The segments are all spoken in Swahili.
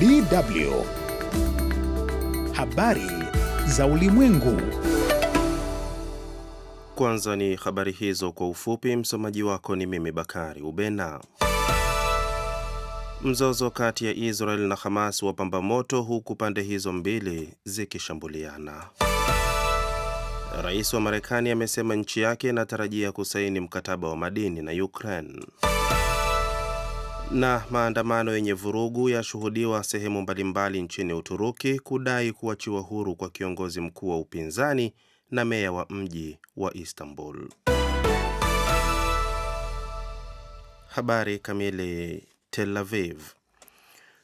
DW. Habari za Ulimwengu. Kwanza ni habari hizo kwa ufupi. Msomaji wako ni mimi Bakari Ubena. Mzozo kati ya Israel na Hamas wapamba moto huku pande hizo mbili zikishambuliana. Rais wa Marekani amesema nchi yake inatarajia kusaini mkataba wa madini na Ukraine. Na maandamano yenye vurugu yashuhudiwa sehemu mbalimbali nchini Uturuki kudai kuachiwa huru kwa kiongozi mkuu wa upinzani na meya wa mji wa Istanbul. Habari kamili. Tel Aviv.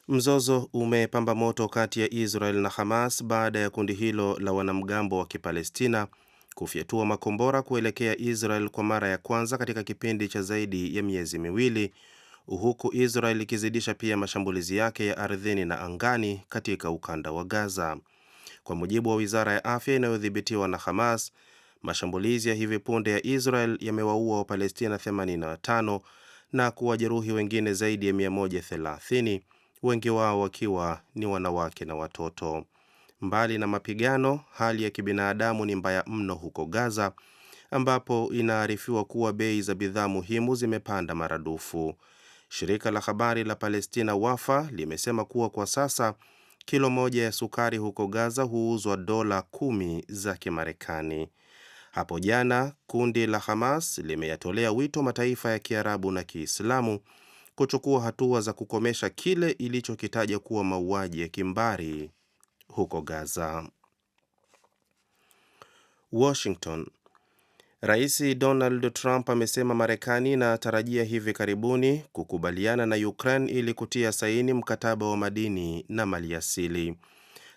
Mzozo umepamba moto kati ya Israel na Hamas baada ya kundi hilo la wanamgambo wa Kipalestina kufyatua makombora kuelekea Israel kwa mara ya kwanza katika kipindi cha zaidi ya miezi miwili huku Israel ikizidisha pia mashambulizi yake ya ardhini na angani katika ukanda wa Gaza. Kwa mujibu wa wizara ya afya inayodhibitiwa na Hamas, mashambulizi ya hivi punde ya Israel yamewaua Wapalestina 85 na kuwajeruhi wengine zaidi ya 130, wengi wao wakiwa ni wanawake na watoto. Mbali na mapigano, hali ya kibinadamu ni mbaya mno huko Gaza, ambapo inaarifiwa kuwa bei za bidhaa muhimu zimepanda maradufu. Shirika la habari la Palestina Wafa limesema kuwa kwa sasa kilo moja ya sukari huko Gaza huuzwa dola kumi za Kimarekani. Hapo jana kundi la Hamas limeyatolea wito mataifa ya Kiarabu na Kiislamu kuchukua hatua za kukomesha kile ilichokitaja kuwa mauaji ya kimbari huko Gaza. Washington Rais Donald Trump amesema Marekani inatarajia hivi karibuni kukubaliana na Ukraine ili kutia saini mkataba wa madini na maliasili.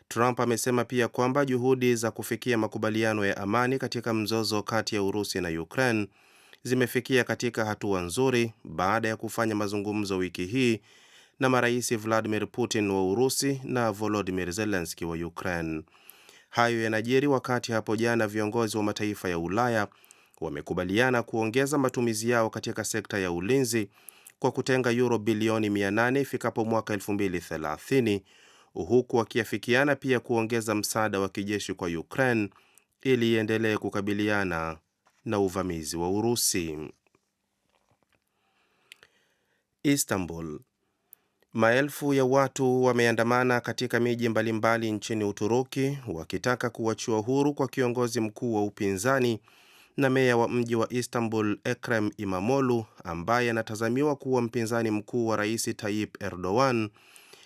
Trump amesema pia kwamba juhudi za kufikia makubaliano ya amani katika mzozo kati ya Urusi na Ukraine zimefikia katika hatua nzuri baada ya kufanya mazungumzo wiki hii na marais Vladimir Putin wa Urusi na Volodymyr Zelensky wa Ukraine. Hayo yanajiri wakati hapo jana viongozi wa mataifa ya Ulaya wamekubaliana kuongeza matumizi yao katika sekta ya ulinzi kwa kutenga euro bilioni 800 ifikapo mwaka 2030 huku wakiafikiana pia kuongeza msaada wa kijeshi kwa Ukraine ili iendelee kukabiliana na uvamizi wa Urusi. Istanbul. Maelfu ya watu wameandamana katika miji mbalimbali nchini Uturuki wakitaka kuachiwa huru kwa kiongozi mkuu wa upinzani na meya wa mji wa Istanbul Ekrem imamolu ambaye anatazamiwa kuwa mpinzani mkuu wa Rais Tayyip Erdogan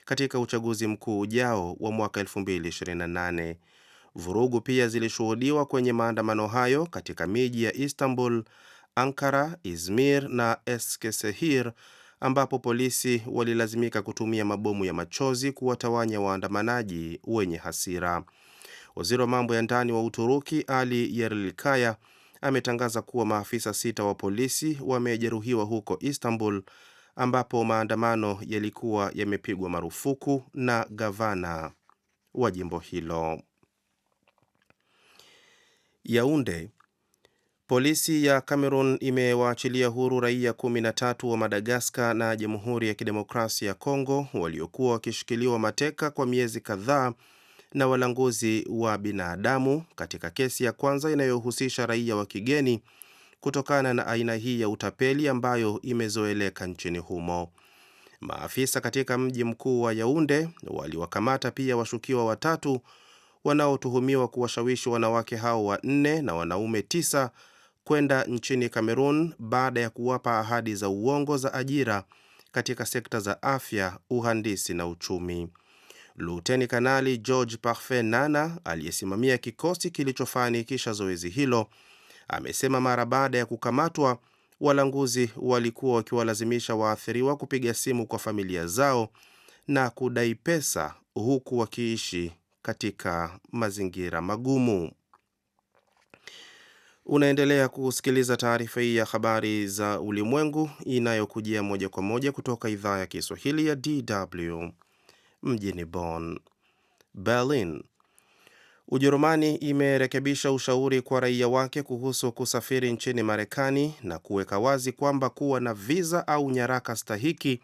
katika uchaguzi mkuu ujao wa mwaka 2028. Vurugu pia zilishuhudiwa kwenye maandamano hayo katika miji ya Istanbul, Ankara, Izmir na Eskesehir ambapo polisi walilazimika kutumia mabomu ya machozi kuwatawanya waandamanaji wenye hasira. Waziri wa mambo ya ndani wa Uturuki Ali Yerlikaya ametangaza kuwa maafisa sita wa polisi wamejeruhiwa huko Istanbul ambapo maandamano yalikuwa yamepigwa marufuku na gavana wa jimbo hilo. Yaunde, polisi ya Cameroon imewaachilia huru raia 13 wa Madagaskar na Jamhuri ya Kidemokrasia ya Kongo waliokuwa wakishikiliwa mateka kwa miezi kadhaa na walanguzi wa binadamu katika kesi ya kwanza inayohusisha raia wa kigeni kutokana na aina hii ya utapeli ambayo imezoeleka nchini humo. Maafisa katika mji mkuu wa Yaunde waliwakamata pia washukiwa watatu wanaotuhumiwa kuwashawishi wanawake hao wanne na wanaume tisa kwenda nchini Kamerun baada ya kuwapa ahadi za uongo za ajira katika sekta za afya, uhandisi na uchumi. Luteni Kanali George Parfait Nana aliyesimamia kikosi kilichofanikisha zoezi hilo amesema mara baada ya kukamatwa walanguzi walikuwa wakiwalazimisha waathiriwa kupiga simu kwa familia zao na kudai pesa huku wakiishi katika mazingira magumu. Unaendelea kusikiliza taarifa hii ya habari za ulimwengu inayokujia moja kwa moja kutoka idhaa ya Kiswahili ya DW mjini Bonn. Berlin. Ujerumani imerekebisha ushauri kwa raia wake kuhusu kusafiri nchini Marekani na kuweka wazi kwamba kuwa na viza au nyaraka stahiki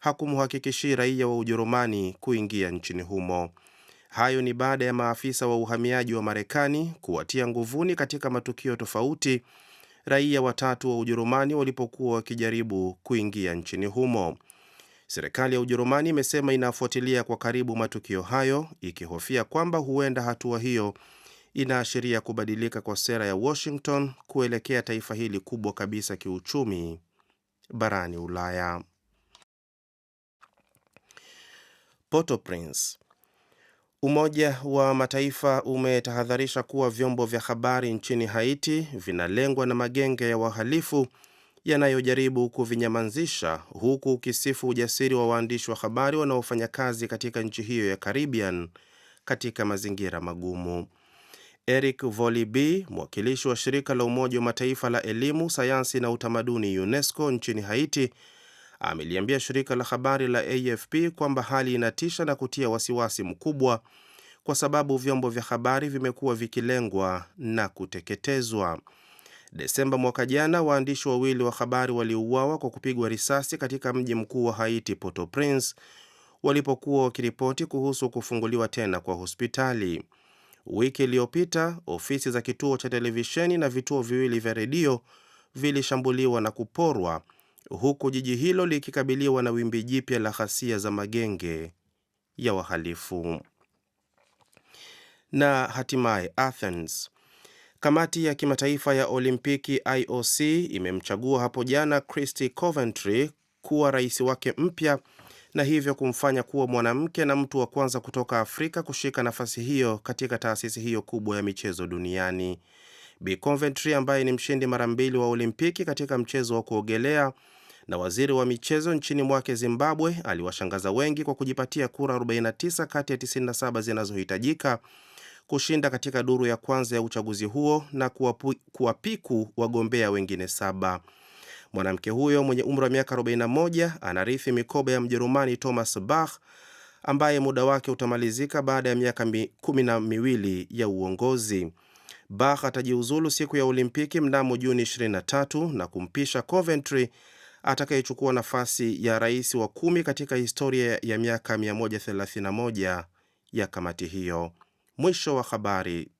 hakumhakikishi raia wa Ujerumani kuingia nchini humo. Hayo ni baada ya maafisa wa uhamiaji wa Marekani kuwatia nguvuni katika matukio tofauti raia watatu wa Ujerumani walipokuwa wakijaribu kuingia nchini humo. Serikali ya Ujerumani imesema inafuatilia kwa karibu matukio hayo ikihofia kwamba huenda hatua hiyo inaashiria kubadilika kwa sera ya Washington kuelekea taifa hili kubwa kabisa kiuchumi barani Ulaya. Port-au-Prince. Umoja wa Mataifa umetahadharisha kuwa vyombo vya habari nchini Haiti vinalengwa na magenge ya wahalifu yanayojaribu kuvinyamanzisha, huku ukisifu ujasiri wa waandishi wa habari wanaofanya kazi katika nchi hiyo ya Caribbean katika mazingira magumu. Eric Volibi, mwakilishi wa shirika la Umoja wa Mataifa la elimu, sayansi na utamaduni UNESCO nchini Haiti, ameliambia shirika la habari la AFP kwamba hali inatisha na kutia wasiwasi mkubwa kwa sababu vyombo vya habari vimekuwa vikilengwa na kuteketezwa. Desemba mwaka jana, waandishi wawili wa habari waliuawa kwa kupigwa risasi katika mji mkuu wa Haiti, Port-au-Prince, walipokuwa wakiripoti kuhusu kufunguliwa tena kwa hospitali. Wiki iliyopita, ofisi za kituo cha televisheni na vituo viwili vya redio vilishambuliwa na kuporwa huku jiji hilo likikabiliwa na wimbi jipya la ghasia za magenge ya wahalifu. Na hatimaye Athens, Kamati ya kimataifa ya Olimpiki IOC imemchagua hapo jana Christy Coventry kuwa rais wake mpya na hivyo kumfanya kuwa mwanamke na mtu wa kwanza kutoka Afrika kushika nafasi hiyo katika taasisi hiyo kubwa ya michezo duniani. Bi Coventry ambaye ni mshindi mara mbili wa Olimpiki katika mchezo wa kuogelea na waziri wa michezo nchini mwake Zimbabwe aliwashangaza wengi kwa kujipatia kura 49 kati ya 97 zinazohitajika kushinda katika duru ya kwanza ya uchaguzi huo na kuwapiku wagombea wengine saba. Mwanamke huyo mwenye umri wa miaka 41 anarithi mikoba ya Mjerumani Thomas Bach ambaye muda wake utamalizika baada ya miaka kumi na miwili ya uongozi. Bach atajiuzulu siku ya Olimpiki mnamo Juni 23 na kumpisha Coventry atakayechukua nafasi ya rais wa kumi katika historia ya miaka 131 ya kamati hiyo. Mwisho wa habari.